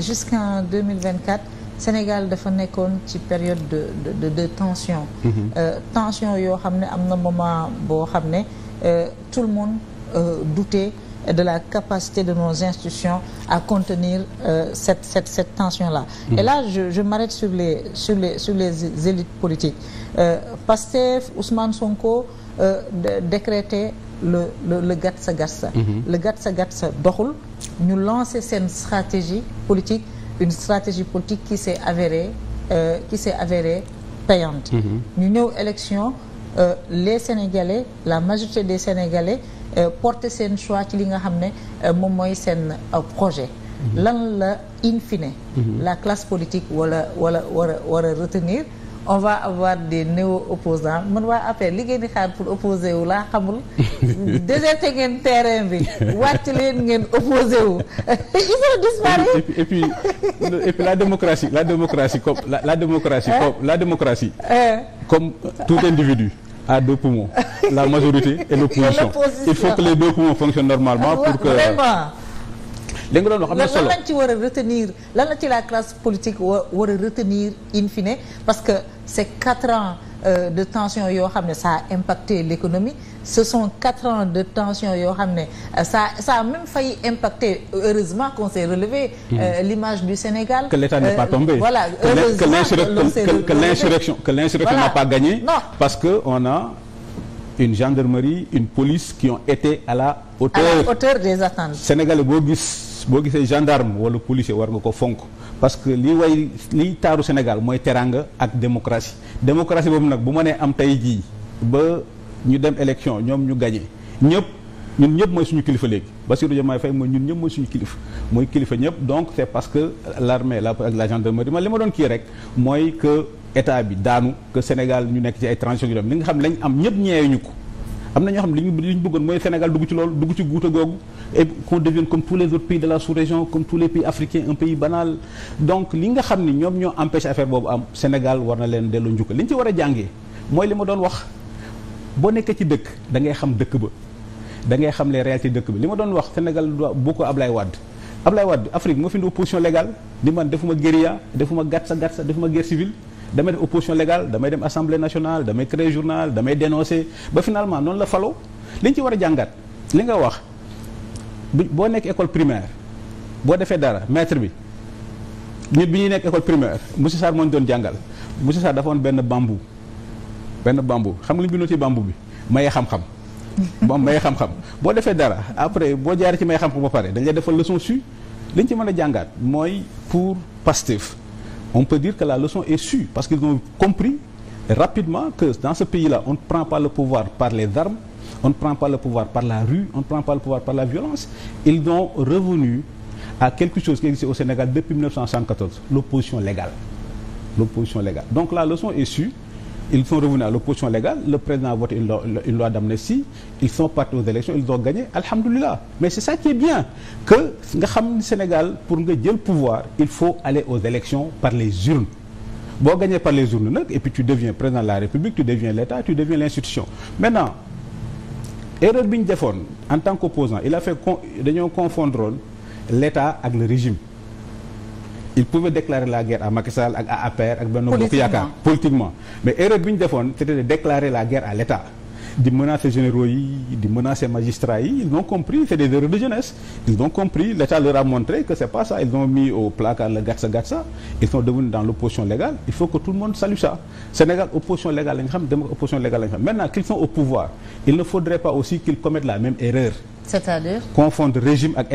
jusqu'en 2024 Sénégal dafa nekkoon ci période de de de, de tension. Mhm. Euh, tension yoo xam ne am na moment boo xam ne euh, tout le monde euh, doutait de la capacité de nos institutions à contenir euh, cette cette cette tension là. Mm -hmm. Et là je je m'arrête sur les sur les sur les élites politiques euh, Pastef Ousmane Sonko décrété le le sa gatsa mhm. sa doxul ñu lancer seen stratégie politique une stratégie politique qui s'est avérée euh, qui s'est avérée payante. Mhm. ñu ñëw élection euh, les Sénégalais la majorité des Sénégalais euh, seen choix ci li nga xam ne euh, moom mooy seen euh, projet. Mhm. lan la in fine. la classe politique wala wala war a war a retenir. on va avoir des néo-opposants man waa affaire li ngeen di xaar pour opposer wu laa xamul déserté ngeen terrain bi wàcc leen ngeen opposé wu ils ont disparu la démocratie la démocratie comme la, la démocratie comme la démocratie comme tout individu à deux poumons la majorité et l'opposition il faut que les deux poumons fonctionnent normalement pour que da nga doon war a retenir la ci la classe politique wa war a retenir in fine parce que c'est quatre ans euh, de tension yoo xam ne ça a impacté l'économie ce sont quatre ans de tension yoo xam ne euh, ça ça a même failli impacter heureusement qu'on s'est relevé euh, mm-hmm. l'image du Sénégal que l'État n'est euh, pas tombé voilà que l'insurrection que l'insurrection n'a pas gagné parce que on a une gendarmerie une police qui ont été à la hauteur, à la hauteur des attentes Sénégal boo gis boo gisee gendarme wala policier war nga ko fonk parce que li way liy taaru Sénégal mooy teranga ak démocratie démocratie boobu nag bu ma nee am tey jii ba ñu dem élection ñoom ñu gagné ñëpp ñun ñëpp mooy suñu kilifa léegi Bassirou Diomaye Faye mooy ñun ñëpp mooy suñu kilifa mooy kilifa ñëpp donc c'est parce que l'armée la ak la gendarmerie man li ma doon kii rek mooy que état bi daanu que Sénégal ñu nekk ci ay transition yu dem li nga xam lañ am ñëpp ñeewuñu ko am na ñoo xam li ñu bëggoon mooy Sénégal ci loolu dugg ci guuta googu et qu'on devienne comme tous les autres pays de la sous-région comme tous les pays africains un pays banal donc li nga xam ni ñoom ñoo empêché affaire boobu am Sénégal war na leen delloo njukkal li ñu ci a jàngee mooy li ma doon wax boo nekkee ci dëkk da xam dëkk ba da ngay xam les réalités dëkk ba li ma doon wax Sénégal boo ko Ablaye Wade Ablaye Wade Afrique moo fi indi opposition légale di man defuma guérilla defuma gatsa gatsa defuma guerre civile damay def opposition légal damay dem assemblée nationale damay créer journal damay dénoncer ba finalement noonu la falo li ñu ci war a jàngat li nga wax. bu boo nekk école primaire boo defee dara maître bi nit bi ñuy nekk école primaire monsieur Sarr moo ñu doon jàngal monsieur Sarr dafa woon benn bambou benn bambou xam nga li ñu bindoon ci bambou bi maye xam-xam. moom maye xam-xam boo defee dara après boo jaaree ci may xam-xam ba pare dañ lay defal leçon su li ci mën a jàngaat mooy pour Pastef on peut dire que la leçon est sue parce qu'ils ont compris rapidement que dans ce pays-là on ne prend pas le pouvoir par les armes. On ne prend pas le pouvoir par la rue, on ne prend pas le pouvoir par la violence. Ils ont revenu à quelque chose qui existe au Sénégal depuis 1974, l'opposition légale. L'opposition légale. Donc la leçon est sûre. Ils sont revenus à l'opposition légale, le président a voté une loi, loi d'amnistie, ils sont partis aux élections, ils ont gagné, alhamdoulilah. Mais c'est ça qui est bien, que nga xam Sénégal pour nga jël pouvoir, il faut aller aux élections par les urnes. boo gagné par les urnes nag erreur bi ñu defoon en tant qu'opposant il a fait con dañoo confondre l'État ak le régime il pouvait déclarer la guerre à Macky Sall ak à APR ak Benno Bokk Yaakaar politiquement mais erreur bi ñu defoon c'était de déclarer la guerre à l'État di menacer généraux yi di menacer magistrats yi ils ont compris c'est des erreurs de jeunesse ils ont compris l'État leur a montré que c'est pas ça ils ont mis au placard le gatsa gatsa ils sont devenus dans l'opposition légale il faut que tout le monde salue ça Sénégal opposition légale la ñu xam démocratie opposition légale la ñu maintenant qu'ils sont au pouvoir il ne faudrait pas aussi qu'ils commettent la même erreur confondre régime ak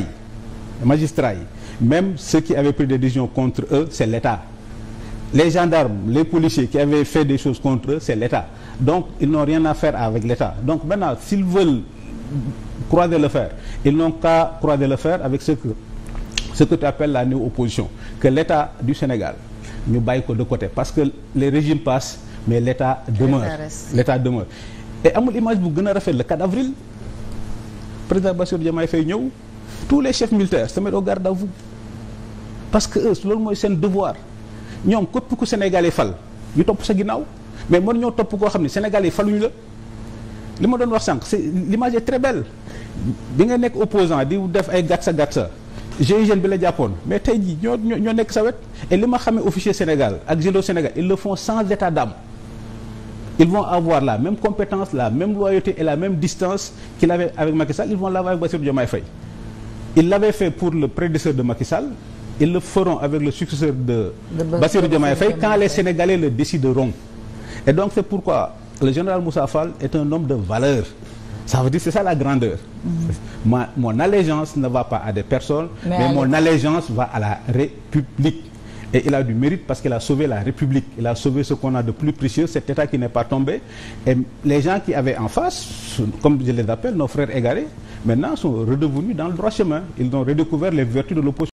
yi même ceux qui avaient pris des décisions contre les gendarmes les policiers qui avaient fait des choses contre eux c'est l'État donc ils n'ont rien à faire avec l'État donc maintenant s'ils veulent croiser le fer ils n'ont qu'à croiser le fer avec ce que ce que tu appelles la néo-opposition que l'État du Sénégal ñu bàyyi ko de côté parce que les régimes passent mais l'État demeure l'État demeure et amul image bu gën a rafet la 4 avril président Bassirou Diomaye Faye ñëw tous les chefs militaires se mettent parce que loolu mooy seen devoir ñoom képp ku sénégalais fal ñu topp sa ginnaaw mais mën ñoo topp koo xam ne sénégalais faluñu la li ma doon wax sànq li ma est très belle bi nga nekk opposant di def ay a gatsa gatsa GIGN bi la jàppoon mais tey jii ñoo ñoo nekk sa wet li ma xamee officier Sénégal ak généraux Sénégal ils le font sans état d'âme ils vont avoir la même compétence la même loyauté et la même distance qu'il avait avec Macky Sall ils vont l'avoir avec Bassirou Diomaye Faye ils l'avaient fait pour le prédécesseur de Macky Sall ils le feront avec le successeur de, de Bassirou Diomaye quand les Sénégalais le décideront. Et donc c'est pourquoi le général Moussa Fall est un homme de valeur. c'est ça la grandeur. Mhm. mon allégeance ne va pas à des personnes, mais, mon allégeance va à la République. Et il a du mérite parce qu'il a sauvé la République. Il a sauvé ce qu'on a de plus précieux, cet État qui n'est pas tombé. Et les gens qui avaient en face, comme je les appelle, nos frères égarés, maintenant